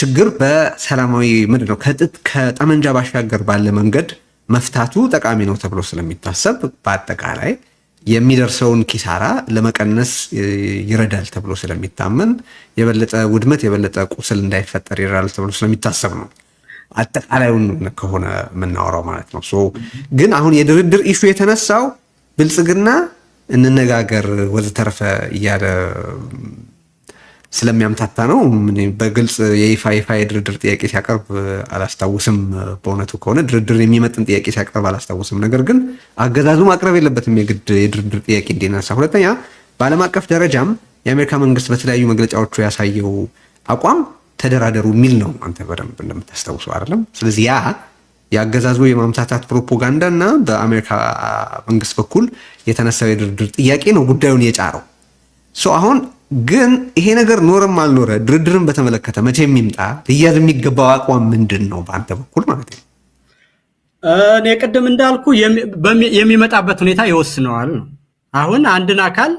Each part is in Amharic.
ችግር በሰላማዊ ምንድን ነው ከጠመንጃ ባሻገር ባለ መንገድ መፍታቱ ጠቃሚ ነው ተብሎ ስለሚታሰብ በአጠቃላይ የሚደርሰውን ኪሳራ ለመቀነስ ይረዳል ተብሎ ስለሚታመን የበለጠ ውድመት የበለጠ ቁስል እንዳይፈጠር ይረዳል ተብሎ ስለሚታሰብ ነው። አጠቃላዩን ከሆነ የምናወራው ማለት ነው። ግን አሁን የድርድር ኢሹ የተነሳው ብልጽግና እንነጋገር ወዘተረፈ እያለ ስለሚያምታታ ነው። በግልጽ የይፋ ይፋ የድርድር ጥያቄ ሲያቀርብ አላስታውስም። በእውነቱ ከሆነ ድርድር የሚመጥን ጥያቄ ሲያቀርብ አላስታውስም። ነገር ግን አገዛዙ ማቅረብ የለበትም የግድ የድርድር ጥያቄ እንዲነሳ። ሁለተኛ በዓለም አቀፍ ደረጃም የአሜሪካ መንግስት በተለያዩ መግለጫዎቹ ያሳየው አቋም ተደራደሩ የሚል ነው። አንተ በደንብ እንደምታስታውሱ አይደለም። ስለዚህ ያ የአገዛዙ የማምታታት ፕሮፓጋንዳ እና በአሜሪካ መንግስት በኩል የተነሳው የድርድር ጥያቄ ነው ጉዳዩን የጫረው አሁን ግን ይሄ ነገር ኖረም አልኖረ ድርድርን በተመለከተ መቼ የሚምጣ ልያዝ የሚገባው አቋም ምንድን ነው? በአንተ በኩል ማለት ነው። እኔ ቅድም እንዳልኩ የሚመጣበት ሁኔታ ይወስነዋል ነው። አሁን አንድን አካል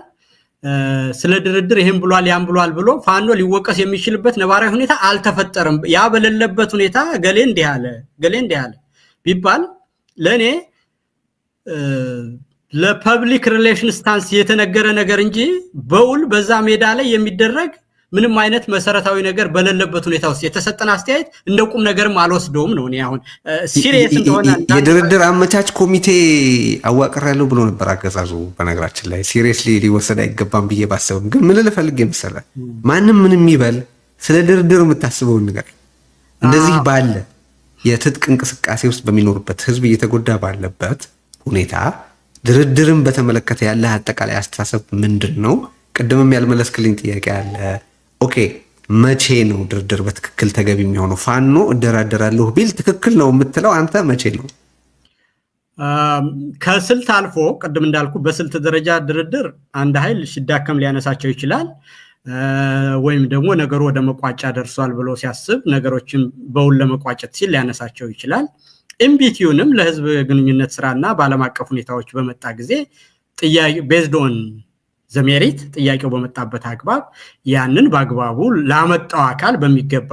ስለ ድርድር ይህም ብሏል ያም ብሏል ብሎ ፋኖ ሊወቀስ የሚችልበት ነባራዊ ሁኔታ አልተፈጠረም። ያ በሌለበት ሁኔታ ገሌ እንዲህ አለ ገሌ እንዲህ አለ ቢባል ለእኔ ለፐብሊክ ሪሌሽን ስታንስ የተነገረ ነገር እንጂ በውል በዛ ሜዳ ላይ የሚደረግ ምንም አይነት መሰረታዊ ነገር በሌለበት ሁኔታ ውስጥ የተሰጠን አስተያየት እንደ ቁም ነገርም አልወስደውም ነው። አሁን ሲሪየስ እንደሆነ የድርድር አመቻች ኮሚቴ አዋቅሬያለሁ ብሎ ነበር አገዛዙ። በነገራችን ላይ ሲሪየስሊ ሊወሰድ አይገባም ብዬ ባሰብም፣ ግን ምን ልፈልግ የመሰለ ማንም ምን የሚበል ስለ ድርድር የምታስበውን ነገር እንደዚህ ባለ የትጥቅ እንቅስቃሴ ውስጥ በሚኖርበት ህዝብ እየተጎዳ ባለበት ሁኔታ ድርድርን በተመለከተ ያለ አጠቃላይ አስተሳሰብ ምንድን ነው? ቅድምም ያልመለስክልኝ ጥያቄ አለ። ኦኬ መቼ ነው ድርድር በትክክል ተገቢ የሚሆነው? ፋኖ እደራደራለሁ ቢል ትክክል ነው የምትለው አንተ መቼ ነው? ከስልት አልፎ ቅድም እንዳልኩ በስልት ደረጃ ድርድር አንድ ኃይል ሲዳከም ሊያነሳቸው ይችላል። ወይም ደግሞ ነገሩ ወደ መቋጫ ደርሷል ብሎ ሲያስብ ነገሮችን በውል ለመቋጨት ሲል ሊያነሳቸው ይችላል። ኤምቢቲዩንም ለህዝብ ግንኙነት ስራና በዓለም አቀፍ ሁኔታዎች በመጣ ጊዜ ቤዝዶን ዘሜሪት ጥያቄው በመጣበት አግባብ ያንን በአግባቡ ላመጣው አካል በሚገባ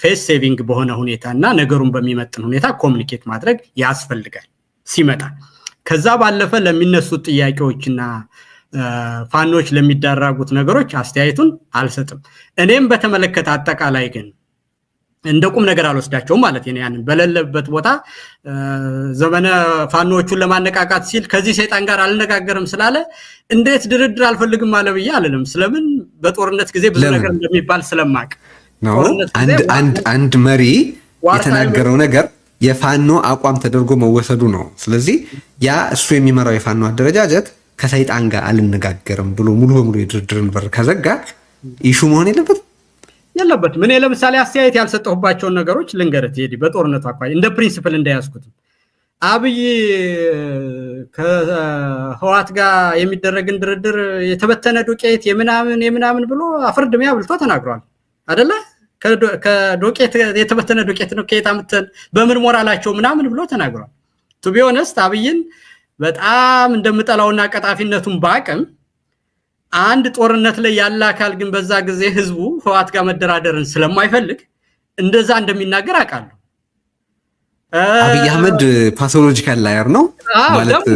ፌስ um, ሴቪንግ በሆነ ሁኔታ እና ነገሩን በሚመጥን ሁኔታ ኮሚኒኬት ማድረግ ያስፈልጋል ሲመጣ። ከዛ ባለፈ ለሚነሱት ጥያቄዎችና uh, ፋኖች ለሚዳረጉት ነገሮች አስተያየቱን አልሰጥም። እኔም በተመለከተ አጠቃላይ ግን እንደ ቁም ነገር አልወስዳቸውም ማለት ነው። ያንን በሌለበት ቦታ ዘመነ ፋኖቹን ለማነቃቃት ሲል ከዚህ ሰይጣን ጋር አልነጋገርም ስላለ እንዴት ድርድር አልፈልግም አለ ብዬ አልልም። ስለምን በጦርነት ጊዜ ብዙ ነገር እንደሚባል ስለማቅ አንድ መሪ የተናገረው ነገር የፋኖ አቋም ተደርጎ መወሰዱ ነው። ስለዚህ ያ እሱ የሚመራው የፋኖ አደረጃጀት ከሰይጣን ጋር አልነጋገርም ብሎ ሙሉ በሙሉ የድርድርን በር ከዘጋ ይሹ መሆን የለበት የለበትም። እኔ ለምሳሌ አስተያየት ያልሰጠሁባቸውን ነገሮች ልንገርህ ቴዲ፣ በጦርነቱ አኳያ እንደ ፕሪንስፕል እንዳያዝኩትም አብይ ከህዋት ጋር የሚደረግን ድርድር የተበተነ ዱቄት የምናምን የምናምን ብሎ አፍርድሜ አብልቶ ተናግሯል አደለ? ከዶቄት የተበተነ ዱቄት ነው ከየት አምጥተን በምን ሞራላቸው ምናምን ብሎ ተናግሯል። ሆነስት አብይን በጣም እንደምጠላውና ቀጣፊነቱን በአቅም አንድ ጦርነት ላይ ያለ አካል ግን በዛ ጊዜ ህዝቡ ህወሓት ጋር መደራደርን ስለማይፈልግ እንደዛ እንደሚናገር አውቃለሁ። አብይ አህመድ ፓቶሎጂካል ላየር ነው ማለት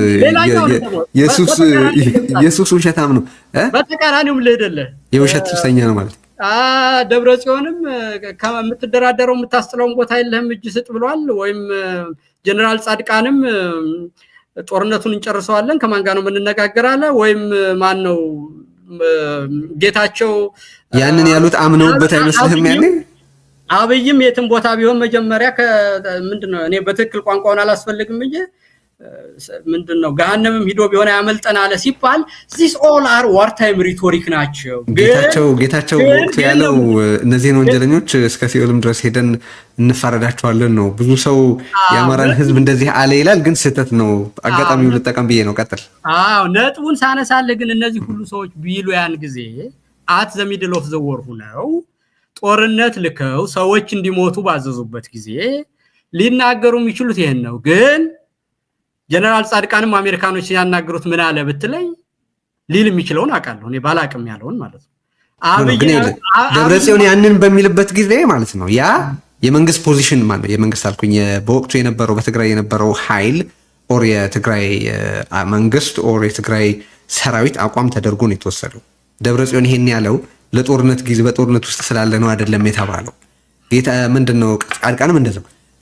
የሱስ ውሸታም ነው። በተቃራኒውም ልሄደለ የውሸት ሱሰኛ ነው ማለት ደብረ ጽዮንም የምትደራደረው የምታስጥለውን ቦታ የለህም እጅ ስጥ ብሏል። ወይም ጀኔራል ጻድቃንም ጦርነቱን እንጨርሰዋለን ከማን ጋር ነው የምንነጋገር አለ። ወይም ማን ነው ጌታቸው ያንን ያሉት አምነውበት አይመስልህም? ያኔ አብይም የትም ቦታ ቢሆን መጀመሪያ ምንድነው እኔ በትክክል ቋንቋውን አላስፈልግም እንጂ ምንድን ነው ገሃነምም ሂዶ ቢሆን ያመልጠን አለ ሲባል ዚስ ኦል አር ዋርታይም ሪቶሪክ ናቸው። ጌታቸው ጌታቸው ወቅቱ ያለው እነዚህን ወንጀለኞች እስከ ሲኦልም ድረስ ሄደን እንፋረዳቸዋለን ነው። ብዙ ሰው የአማራን ህዝብ እንደዚህ አለ ይላል፣ ግን ስህተት ነው። አጋጣሚውን ልጠቀም ብዬ ነው። ቀጥል። አዎ ነጥቡን ሳነሳለ ግን እነዚህ ሁሉ ሰዎች ቢሉ ያን ጊዜ አት ዘ ሚድል ኦፍ ዘ ወር ሁነው ጦርነት ልከው ሰዎች እንዲሞቱ ባዘዙበት ጊዜ ሊናገሩ የሚችሉት ይህን ነው ግን ጀነራል ጻድቃንም አሜሪካኖች ሲያናግሩት ምን አለ ብትለኝ ሊል የሚችለውን አውቃለሁ እኔ ባላቅም ያለውን ማለት ነው። ደብረጽዮን ያንን በሚልበት ጊዜ ማለት ነው ያ የመንግስት ፖዚሽን ማለት የመንግስት አልኩኝ በወቅቱ የነበረው በትግራይ የነበረው ኃይል ኦር የትግራይ መንግስት ኦር የትግራይ ሰራዊት አቋም ተደርጎ ነው የተወሰደው። ደብረጽዮን ይሄን ያለው ለጦርነት ጊዜ በጦርነት ውስጥ ስላለ ነው አይደለም የተባለው። ጌታ ነው ጻድቃንም እንደዛ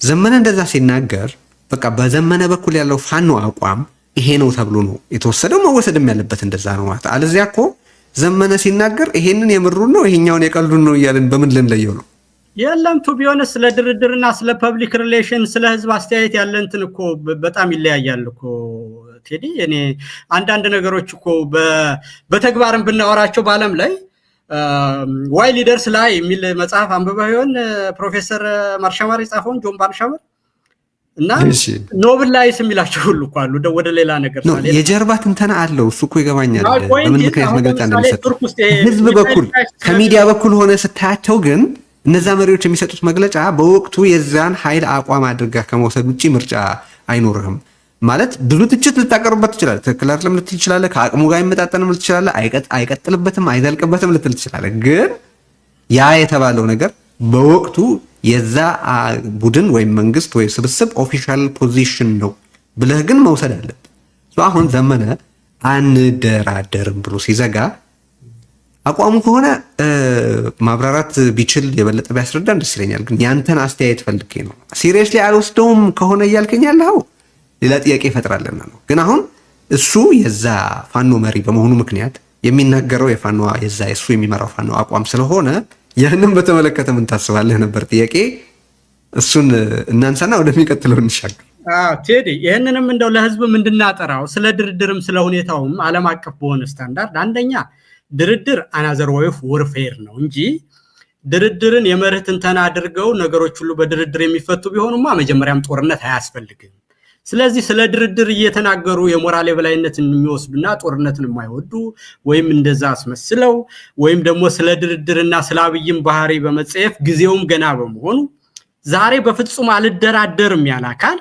ዘመነ እንደዛ ሲናገር በቃ በዘመነ በኩል ያለው ፋኖ አቋም ይሄ ነው ተብሎ ነው የተወሰደው። መወሰድም ያለበት እንደዛ ነው ማለት አለዚያ እኮ ዘመነ ሲናገር ይሄንን የምሩን ነው ይሄኛውን የቀልዱን ነው እያለን በምን ልንለየው ነው? የለም ቱ ቢሆን ስለ ድርድርና ስለ ፐብሊክ ሪሌሽን ስለ ህዝብ አስተያየት ያለንትን እኮ በጣም ይለያያል እኮ ቴዲ። እኔ አንዳንድ ነገሮች እኮ በተግባርም ብናወራቸው በአለም ላይ ዋይ ሊደርስ ላይ የሚል መጽሐፍ አንብባ ይሆን ፕሮፌሰር ማርሻማር የጻፈውን ጆን ባርሻማር እና ኖብል ላይስ የሚላቸው ሁሉ እኮ አሉ። ወደ ሌላ ነገር የጀርባ ትንተና አለው። እሱ እኮ ይገባኛል፣ በምን ምክንያት መግለጫ እንደሚሰጡ ህዝብ በኩል ከሚዲያ በኩል ሆነ ስታያቸው ግን እነዛ መሪዎች የሚሰጡት መግለጫ በወቅቱ የዛን ኃይል አቋም አድርጋ ከመውሰድ ውጭ ምርጫ አይኖርህም ማለት ብዙ ትችት ልታቀርብበት ትችላለህ። ትክክል አይደለም ልትል ትችላለህ። ከአቅሙ ጋር አይመጣጠንም ልትል ትችላለህ። አይቀጥልበትም፣ አይዘልቅበትም ልትል ትችላለህ። ግን ያ የተባለው ነገር በወቅቱ የዛ ቡድን ወይም መንግስት ወይም ስብስብ ኦፊሻል ፖዚሽን ነው ብለህ ግን መውሰድ አለብህ። አሁን ዘመነ አንደራደርም ብሎ ሲዘጋ አቋሙ ከሆነ ማብራራት ቢችል የበለጠ ቢያስረዳን ደስ ይለኛል። ግን ያንተን አስተያየት ፈልጌ ነው። ሲሪየስሊ አልወስደውም ከሆነ እያልከኝ ያለኸው ሌላ ጥያቄ ይፈጥራለና ነው። ግን አሁን እሱ የዛ ፋኖ መሪ በመሆኑ ምክንያት የሚናገረው የፋኖ የዛ እሱ የሚመራው ፋኖ አቋም ስለሆነ ያንን በተመለከተ ምን ታስባለህ ነበር ጥያቄ። እሱን እናንሳና ወደሚቀጥለው እንሻገር። ቴዲ ይህንንም እንደው ለህዝብም እንድናጠራው ስለ ድርድርም ስለ ሁኔታውም ዓለም አቀፍ በሆነ ስታንዳርድ አንደኛ ድርድር አናዘር ወይፍ ወርፌር ነው እንጂ ድርድርን የመርህ ትንተና አድርገው ነገሮች ሁሉ በድርድር የሚፈቱ ቢሆኑማ መጀመሪያም ጦርነት አያስፈልግም። ስለዚህ ስለ ድርድር እየተናገሩ የሞራል የበላይነትን የሚወስዱና ጦርነትን የማይወዱ ወይም እንደዛ አስመስለው ወይም ደግሞ ስለ ድርድርና ስለ አብይም ባህሪ በመጸየፍ ጊዜውም ገና በመሆኑ ዛሬ በፍጹም አልደራደርም ያለ አካል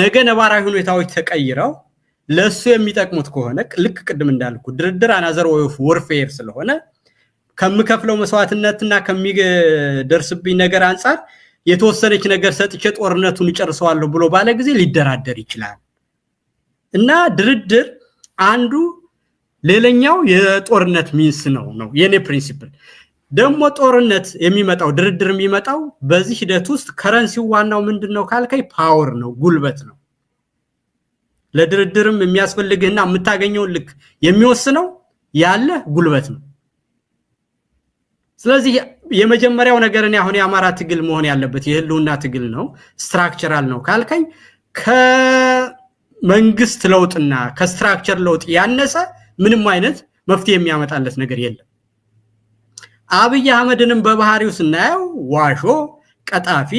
ነገ ነባራዊ ሁኔታዎች ተቀይረው ለእሱ የሚጠቅሙት ከሆነ ልክ ቅድም እንዳልኩ ድርድር አናዘር ወይፍ ወርፌር ስለሆነ ከምከፍለው መስዋዕትነትና ከሚደርስብኝ ነገር አንጻር የተወሰነች ነገር ሰጥቼ ጦርነቱን እጨርሰዋለሁ ብሎ ባለ ጊዜ ሊደራደር ይችላል እና ድርድር አንዱ ሌላኛው የጦርነት ሚንስ ነው ነው የኔ ፕሪንሲፕል። ደግሞ ጦርነት የሚመጣው ድርድር የሚመጣው በዚህ ሂደት ውስጥ ከረንሲው ዋናው ምንድን ነው ካልከኝ፣ ፓወር ነው፣ ጉልበት ነው። ለድርድርም የሚያስፈልግህና የምታገኘውን ልክ የሚወስነው ያለ ጉልበት ነው። ስለዚህ የመጀመሪያው ነገር እኔ አሁን የአማራ ትግል መሆን ያለበት የህልውና ትግል ነው፣ ስትራክቸራል ነው ካልከኝ ከመንግስት ለውጥና ከስትራክቸር ለውጥ ያነሰ ምንም አይነት መፍትሄ የሚያመጣለት ነገር የለም። አብይ አህመድንም በባህሪው ስናየው ዋሾ፣ ቀጣፊ፣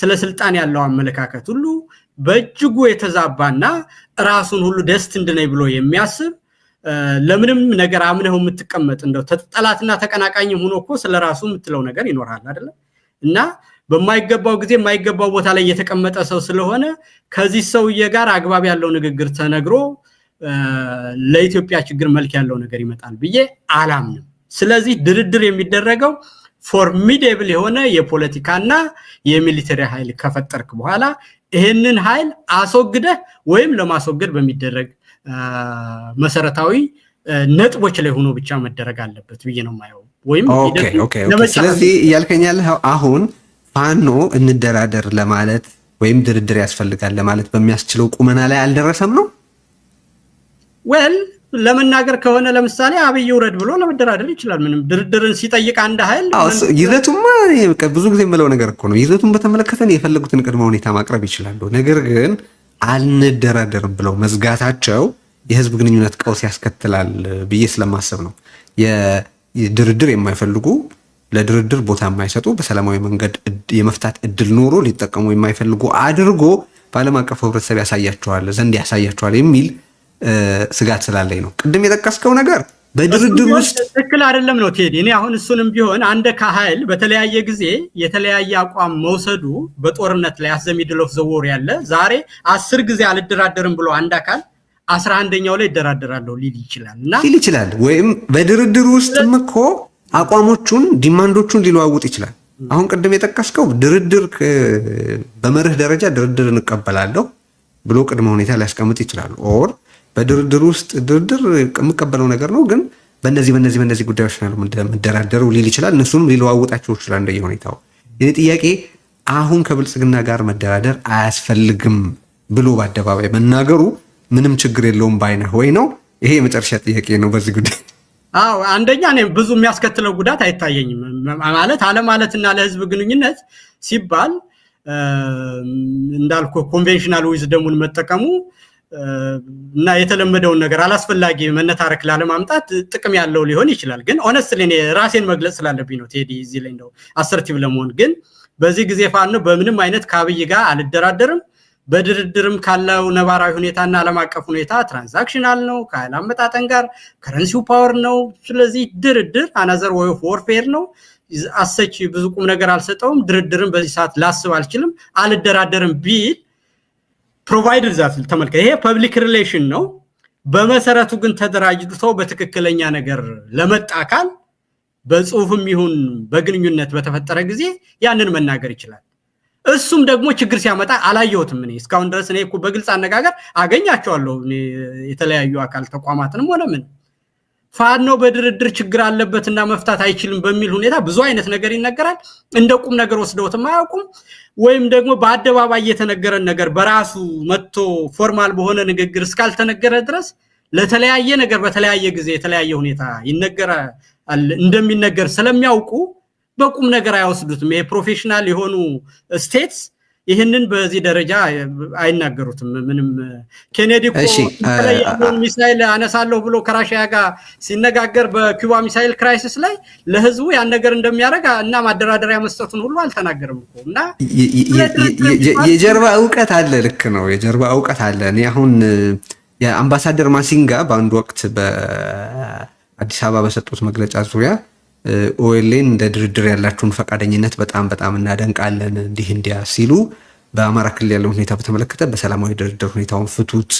ስለ ስልጣን ያለው አመለካከት ሁሉ በእጅጉ የተዛባና ራሱን ሁሉ ደስት እንድነኝ ብሎ የሚያስብ ለምንም ነገር አምነው የምትቀመጥ እንደው ጠላትና ተቀናቃኝ ሆኖ እኮ ስለ ራሱ የምትለው ነገር ይኖርሃል አይደለም። እና በማይገባው ጊዜ የማይገባው ቦታ ላይ የተቀመጠ ሰው ስለሆነ ከዚህ ሰውዬ ጋር አግባብ ያለው ንግግር ተነግሮ ለኢትዮጵያ ችግር መልክ ያለው ነገር ይመጣል ብዬ አላምንም። ስለዚህ ድርድር የሚደረገው ፎርሚዴብል የሆነ የፖለቲካና የሚሊተሪ ኃይል ከፈጠርክ በኋላ ይህንን ኃይል አስወግደህ ወይም ለማስወገድ በሚደረግ መሰረታዊ ነጥቦች ላይ ሆኖ ብቻ መደረግ አለበት ብዬ ነው የማየው። ወይም ስለዚህ እያልከኝ አሁን ፋኖ እንደራደር ለማለት ወይም ድርድር ያስፈልጋል ለማለት በሚያስችለው ቁመና ላይ አልደረሰም ነው ወል ለመናገር ከሆነ ለምሳሌ አብይ ውረድ ብሎ ለመደራደር ይችላል። ምንም ድርድርን ሲጠይቅ አንድ ኃይል ይዘቱማ ብዙ ጊዜ የምለው ነገር እኮ ነው። ይዘቱን በተመለከተ የፈለጉትን ቅድመ ሁኔታ ማቅረብ ይችላሉ። ነገር ግን አንደራደርም ብለው መዝጋታቸው የህዝብ ግንኙነት ቀውስ ያስከትላል ብዬ ስለማሰብ ነው። ድርድር የማይፈልጉ ለድርድር ቦታ የማይሰጡ በሰላማዊ መንገድ የመፍታት እድል ኖሮ ሊጠቀሙ የማይፈልጉ አድርጎ በዓለም አቀፉ ህብረተሰብ ያሳያቸዋል ዘንድ ያሳያቸዋል የሚል ስጋት ስላለኝ ነው። ቅድም የጠቀስከው ነገር በድርድር ውስጥ ትክክል አይደለም ነው ቴዲ። እኔ አሁን እሱንም ቢሆን አንድ ከሀይል በተለያየ ጊዜ የተለያየ አቋም መውሰዱ በጦርነት ላይ አዘሚድሎፍ ዘወር ያለ ዛሬ አስር ጊዜ አልደራደርም ብሎ አንድ አካል አስራ አንደኛው ላይ ይደራደራለሁ ሊል ይችላል እና ሊል ይችላል ወይም በድርድር ውስጥም እኮ አቋሞቹን ዲማንዶቹን ሊለዋውጥ ይችላል። አሁን ቅድም የጠቀስከው ድርድር በመርህ ደረጃ ድርድር እንቀበላለሁ ብሎ ቅድመ ሁኔታ ሊያስቀምጥ ይችላል ኦር በድርድር ውስጥ ድርድር የምቀበለው ነገር ነው፣ ግን በእነዚህ በነዚህ በነዚህ ጉዳዮች ነው የምደራደረው ሊል ይችላል። እነሱንም ሊለዋውጣቸው ይችላል እንደየ ሁኔታው። የኔ ጥያቄ አሁን ከብልጽግና ጋር መደራደር አያስፈልግም ብሎ በአደባባይ መናገሩ ምንም ችግር የለውም ባይነህ ወይ ነው? ይሄ የመጨረሻ ጥያቄ ነው በዚህ ጉዳይ። አዎ አንደኛ እኔም ብዙ የሚያስከትለው ጉዳት አይታየኝም። ማለት አለማለትና ለህዝብ ግንኙነት ሲባል እንዳልኩ ኮንቬንሽናል ዊዝደሙን መጠቀሙ እና የተለመደውን ነገር አላስፈላጊ መነታረክ ላለማምጣት ጥቅም ያለው ሊሆን ይችላል። ግን ኦነስትሊ ራሴን መግለጽ ስላለብኝ ነው ቴዲ እዚህ ላይ እንደው አሰርቲቭ ለመሆን ግን በዚህ ጊዜ ፋኖ በምንም አይነት ከአብይ ጋር አልደራደርም። በድርድርም ካለው ነባራዊ ሁኔታና ዓለም አቀፍ ሁኔታ ትራንዛክሽናል ነው፣ ከኃይል አመጣጠን ጋር ከረንሲው ፓወር ነው። ስለዚህ ድርድር አናዘር ወይ ኦፍ ወርፌር ነው። አሰች ብዙ ቁም ነገር አልሰጠውም። ድርድርም በዚህ ሰዓት ላስብ አልችልም፣ አልደራደርም ቢል ፕሮቫይደር ዛት ተመልከ ይሄ ፐብሊክ ሪሌሽን ነው። በመሰረቱ ግን ተደራጅቶ በትክክለኛ ነገር ለመጣ አካል በጽሁፍም ይሁን በግንኙነት በተፈጠረ ጊዜ ያንን መናገር ይችላል። እሱም ደግሞ ችግር ሲያመጣ አላየሁትም። እኔ እስካሁን ድረስ እኔ በግልጽ አነጋገር አገኛቸዋለሁ የተለያዩ አካል ተቋማትንም ሆነ ምን ፋኖ በድርድር ችግር አለበትና መፍታት አይችልም በሚል ሁኔታ ብዙ አይነት ነገር ይነገራል። እንደ ቁም ነገር ወስደውትም አያውቁም። ወይም ደግሞ በአደባባይ የተነገረን ነገር በራሱ መጥቶ ፎርማል በሆነ ንግግር እስካልተነገረ ድረስ ለተለያየ ነገር በተለያየ ጊዜ የተለያየ ሁኔታ ይነገራል እንደሚነገር ስለሚያውቁ በቁም ነገር አይወስዱትም። ይሄ ፕሮፌሽናል የሆኑ ስቴትስ ይህንን በዚህ ደረጃ አይናገሩትም። ምንም ኬኔዲ ሚሳይል አነሳለሁ ብሎ ከራሽያ ጋር ሲነጋገር በኪውባ ሚሳይል ክራይሲስ ላይ ለህዝቡ ያን ነገር እንደሚያደርግ እና ማደራደሪያ መስጠቱን ሁሉ አልተናገርም እኮ እና የጀርባ እውቀት አለ። ልክ ነው፣ የጀርባ እውቀት አለ። እኔ አሁን የአምባሳደር ማሲንጋ በአንድ ወቅት በአዲስ አበባ በሰጡት መግለጫ ዙሪያ ኦኤልኤን እንደ ድርድር ያላችሁን ፈቃደኝነት በጣም በጣም እናደንቃለን። እንዲህ እንዲያ ሲሉ በአማራ ክልል ያለውን ሁኔታ በተመለከተ በሰላማዊ ድርድር ሁኔታውን ፍቱት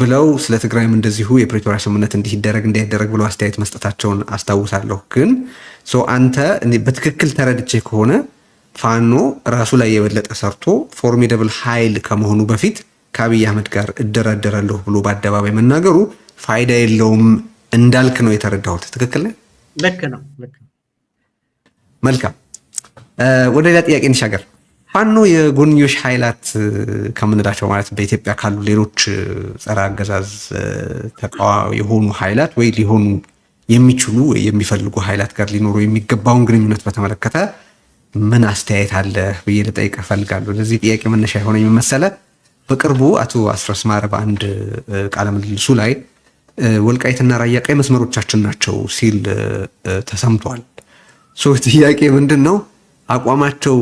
ብለው ስለ ትግራይም እንደዚሁ የፕሪቶሪያ ስምምነት እንዲደረግ እንዳይደረግ ብለው አስተያየት መስጠታቸውን አስታውሳለሁ። ግን አንተ በትክክል ተረድቼ ከሆነ ፋኖ ራሱ ላይ የበለጠ ሰርቶ ፎርሚደብል ኃይል ከመሆኑ በፊት ከአብይ አህመድ ጋር እደራደራለሁ ብሎ በአደባባይ መናገሩ ፋይዳ የለውም እንዳልክ ነው የተረዳሁት። ትክክል ነህ? ልክ ነው። መልካም ወደ ሌላ ጥያቄ እንሻገር። ፋኖ የጎንዮሽ ኃይላት ከምንላቸው ማለት በኢትዮጵያ ካሉ ሌሎች ጸረ አገዛዝ ተቃዋሚ የሆኑ ኃይላት ወይ ሊሆኑ የሚችሉ ወይ የሚፈልጉ ኃይላት ጋር ሊኖሩ የሚገባውን ግንኙነት በተመለከተ ምን አስተያየት አለ ብዬ ልጠይቅ እፈልጋለሁ። ለዚህ ጥያቄ መነሻ የሆነ የሚመሰለ በቅርቡ አቶ አስረስማረ ማረ በአንድ ቃለ ላይ ወልቃይትና ራያ ቀይ መስመሮቻችን ናቸው ሲል ተሰምቷል። ሶስት ጥያቄ ምንድን ነው አቋማቸው?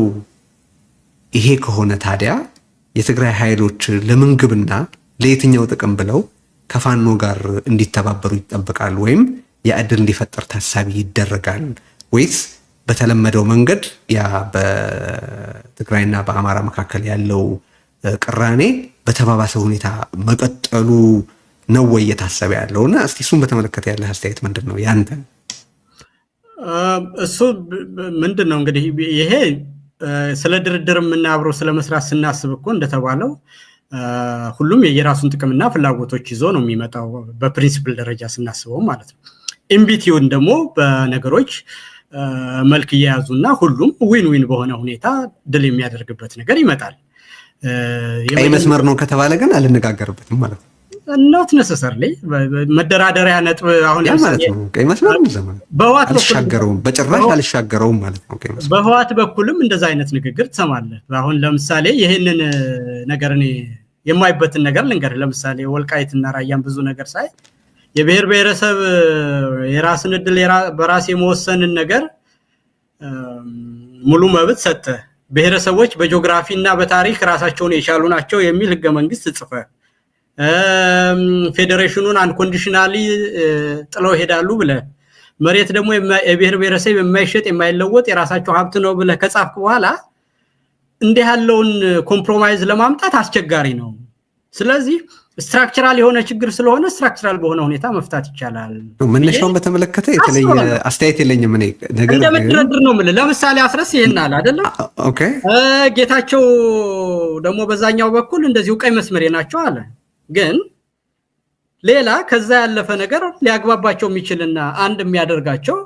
ይሄ ከሆነ ታዲያ የትግራይ ኃይሎች ለምንግብና ለየትኛው ጥቅም ብለው ከፋኖ ጋር እንዲተባበሩ ይጠበቃል ወይም የእድል እንዲፈጠር ታሳቢ ይደረጋል ወይስ በተለመደው መንገድ ያ በትግራይና በአማራ መካከል ያለው ቅራኔ በተባባሰ ሁኔታ መቀጠሉ ነው ወይ እየታሰበ ያለው እና እስቲ እሱን በተመለከተ ያለ አስተያየት ምንድን ነው ያንተ? እሱ ምንድን ነው እንግዲህ ይሄ ስለ ድርድር የምናብረው ስለ መስራት ስናስብ እኮ እንደተባለው ሁሉም የራሱን ጥቅምና ፍላጎቶች ይዞ ነው የሚመጣው በፕሪንሲፕል ደረጃ ስናስበው ማለት ነው። ኢምቢቲውን ደግሞ በነገሮች መልክ እየያዙ እና ሁሉም ዊን ዊን በሆነ ሁኔታ ድል የሚያደርግበት ነገር ይመጣል። ቀይ መስመር ነው ከተባለ ግን አልነጋገርበትም ማለት ነው። ኖት ነሰሰርሊ መደራደሪያ ነጥብ አሁን ማለት ነው። ቀይ መስመር በህዋት አልሻገረውም፣ በጭራሽ አልሻገረውም ማለት ነው። በህዋት በኩልም እንደዛ አይነት ንግግር ትሰማለህ። አሁን ለምሳሌ ይህንን ነገር እኔ የማይበትን ነገር ልንገር። ለምሳሌ ወልቃይትና ራያን ብዙ ነገር ሳይ የብሔር ብሔረሰብ የራስን እድል በራስ የመወሰንን ነገር ሙሉ መብት ሰጠ፣ ብሔረሰቦች በጂኦግራፊ እና በታሪክ ራሳቸውን የቻሉ ናቸው የሚል ህገ መንግስት ጽፈ ፌዴሬሽኑን አንኮንዲሽናሊ ጥለው ይሄዳሉ ብለ መሬት ደግሞ የብሔር ብሔረሰብ የማይሸጥ የማይለወጥ የራሳቸው ሀብት ነው ብለ ከጻፍክ በኋላ እንዲህ ያለውን ኮምፕሮማይዝ ለማምጣት አስቸጋሪ ነው። ስለዚህ ስትራክቸራል የሆነ ችግር ስለሆነ ስትራክቸራል በሆነ ሁኔታ መፍታት ይቻላል። መነሻውን በተመለከተ የተለየ አስተያየት የለኝም። እኔ ነገር ነው የምልህ። ለምሳሌ አስረስ ይህን አለ አይደለም? ጌታቸው ደግሞ በዛኛው በኩል እንደዚሁ ቀይ መስመሬ ናቸው አለ ግን ሌላ ከዛ ያለፈ ነገር ሊያግባባቸው የሚችልና አንድ የሚያደርጋቸው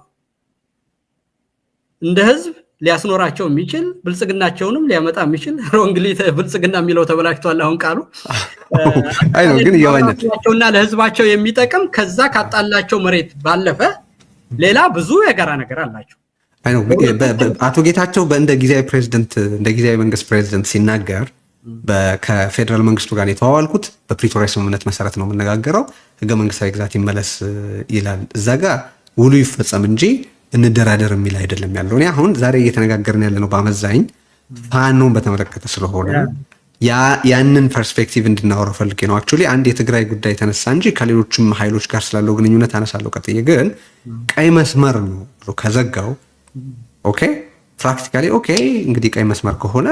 እንደ ህዝብ ሊያስኖራቸው የሚችል ብልጽግናቸውንም ሊያመጣ የሚችል ሮንግሊ ብልጽግና የሚለው ተበላሽቷል። አሁን ቃሉ ግን ለህዝባቸው የሚጠቅም ከዛ ካጣላቸው መሬት ባለፈ ሌላ ብዙ የጋራ ነገር አላቸው። አቶ ጌታቸው እንደ ጊዜያዊ ፕሬዚደንት እንደ ጊዜያዊ መንግስት ፕሬዚደንት ሲናገር ከፌዴራል መንግስቱ ጋር የተዋዋልኩት በፕሪቶሪያ ስምምነት መሰረት ነው የምነጋገረው፣ ህገ መንግስታዊ ግዛት ይመለስ ይላል። እዛ ጋ ውሉ ይፈጸም እንጂ እንደራደር የሚል አይደለም ያለው። እኔ አሁን ዛሬ እየተነጋገርን ያለ ነው በአመዛኝ ፋኖን በተመለከተ ስለሆነ ያንን ፐርስፔክቲቭ እንድናወረው ፈልጌ ነው። አክቹዋሊ አንድ የትግራይ ጉዳይ የተነሳ እንጂ ከሌሎችም ኃይሎች ጋር ስላለው ግንኙነት አነሳለሁ። ቀጥዬ ግን ቀይ መስመር ነው ብሎ ከዘጋው ኦኬ፣ ፕራክቲካሊ ኦኬ፣ እንግዲህ ቀይ መስመር ከሆነ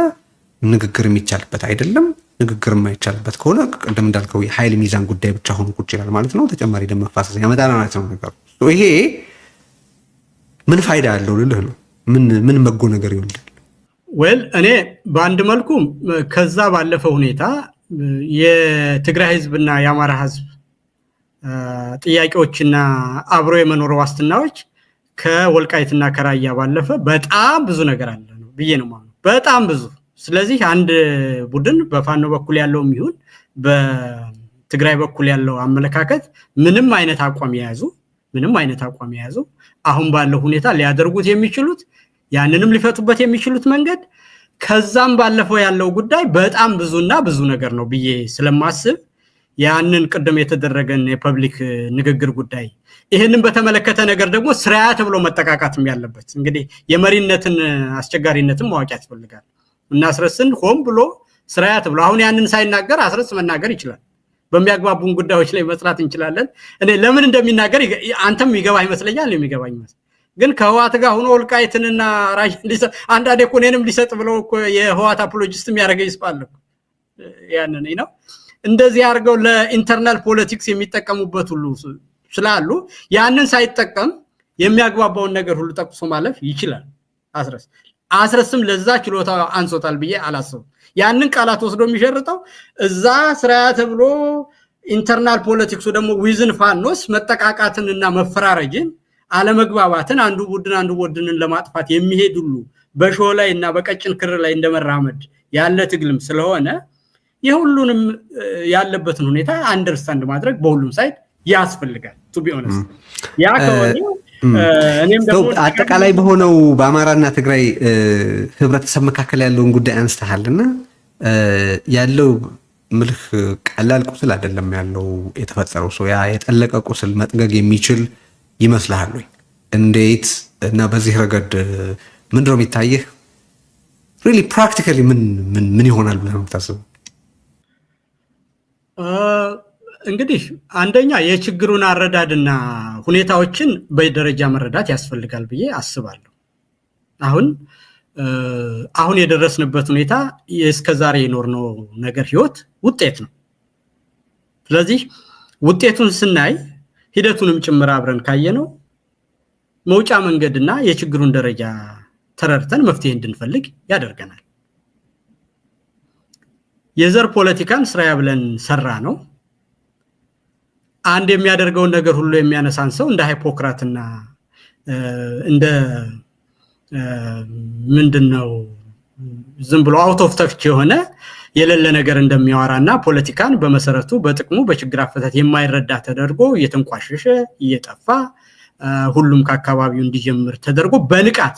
ንግግር የሚቻልበት አይደለም። ንግግር የማይቻልበት ከሆነ ቅድም እንዳልከው የኃይል ሚዛን ጉዳይ ብቻ ሆኖ ቁጭ ይላል ማለት ነው። ተጨማሪ ደም መፋሰስ ያመጣል ማለት ነው ነገሩ። ይሄ ምን ፋይዳ ያለው ልልህ ነው። ምን መጎ ነገር ይወልዳል? ወል እኔ በአንድ መልኩ ከዛ ባለፈ ሁኔታ የትግራይ ህዝብና የአማራ ህዝብ ጥያቄዎችና አብሮ የመኖር ዋስትናዎች ከወልቃይትና ከራያ ባለፈ በጣም ብዙ ነገር አለ ነው ብዬ ነው። ማለት በጣም ብዙ ስለዚህ አንድ ቡድን በፋኖ በኩል ያለው የሚሆን በትግራይ በኩል ያለው አመለካከት ምንም አይነት አቋም የያዙ ምንም አይነት አቋም የያዙ አሁን ባለው ሁኔታ ሊያደርጉት የሚችሉት ያንንም ሊፈቱበት የሚችሉት መንገድ ከዛም ባለፈው ያለው ጉዳይ በጣም ብዙና ብዙ ነገር ነው ብዬ ስለማስብ ያንን ቅድም የተደረገን የፐብሊክ ንግግር ጉዳይ ይህንን በተመለከተ ነገር ደግሞ ስርያ ተብሎ መጠቃቃትም ያለበት እንግዲህ የመሪነትን አስቸጋሪነትም ማወቅ ያስፈልጋል። እና አስረስን ሆን ብሎ ስራያት ብሎ አሁን ያንን ሳይናገር አስረስ መናገር ይችላል። በሚያግባቡን ጉዳዮች ላይ መስራት እንችላለን። እኔ ለምን እንደሚናገር አንተም ይገባ ይመስለኛል፣ የሚገባኝ ይመስል ግን ከህዋት ጋር ሆኖ ወልቃይትንና ራያ አንዳንዴ እኮ እኔንም ሊሰጥ ብለው እኮ የህዋት አፖሎጂስት የሚያደርገ ይስፋል። ያንን ነው እንደዚህ አድርገው ለኢንተርናል ፖለቲክስ የሚጠቀሙበት ሁሉ ስላሉ ያንን ሳይጠቀም የሚያግባባውን ነገር ሁሉ ጠቅሶ ማለፍ ይችላል አስረስ። አስረስም ለዛ ችሎታ አንሶታል ብዬ አላስብም። ያንን ቃላት ወስዶ የሚሸርጠው እዛ ስራያ ተብሎ ኢንተርናል ፖለቲክሱ ደግሞ ዊዝን ፋኖስ መጠቃቃትንና መፈራረጅን፣ አለመግባባትን አንዱ ቡድን አንዱ ቡድንን ለማጥፋት የሚሄድ ሁሉ በሾ ላይ እና በቀጭን ክር ላይ እንደመራመድ ያለ ትግልም ስለሆነ የሁሉንም ያለበትን ሁኔታ አንደርስታንድ ማድረግ በሁሉም ሳይድ ያስፈልጋል ቱ ቢ ኦነስት ያ ከሆነ አጠቃላይ በሆነው በአማራና ትግራይ ህብረተሰብ መካከል ያለውን ጉዳይ አንስተሃል ያለው ምልህ ቀላል ቁስል አይደለም ያለው የተፈጠረው ሰው ያ የጠለቀ ቁስል መጥገግ የሚችል ይመስልሃል ወይ? እንዴት እና በዚህ ረገድ ምንድን ነው የሚታየህ? ሪሊ ፕራክቲካሊ ምን ምን ይሆናል ብለህ ነው የምታስበው? እንግዲህ አንደኛ የችግሩን አረዳድና ሁኔታዎችን በደረጃ መረዳት ያስፈልጋል ብዬ አስባለሁ። አሁን አሁን የደረስንበት ሁኔታ እስከዛሬ የኖርነው ነገር ህይወት ውጤት ነው። ስለዚህ ውጤቱን ስናይ ሂደቱንም ጭምር አብረን ካየነው መውጫ መንገድና የችግሩን ደረጃ ተረድተን መፍትሄ እንድንፈልግ ያደርገናል። የዘር ፖለቲካን ስራ ብለን ሰራ ነው አንድ የሚያደርገውን ነገር ሁሉ የሚያነሳን ሰው እንደ ሃይፖክራትና እንደ ምንድን ነው ዝም ብሎ አውት ኦፍ ተክች የሆነ የሌለ ነገር እንደሚያወራ እና ፖለቲካን በመሰረቱ በጥቅሙ በችግር አፈታት የማይረዳ ተደርጎ እየተንቋሸሸ እየጠፋ ሁሉም ከአካባቢው እንዲጀምር ተደርጎ በንቃት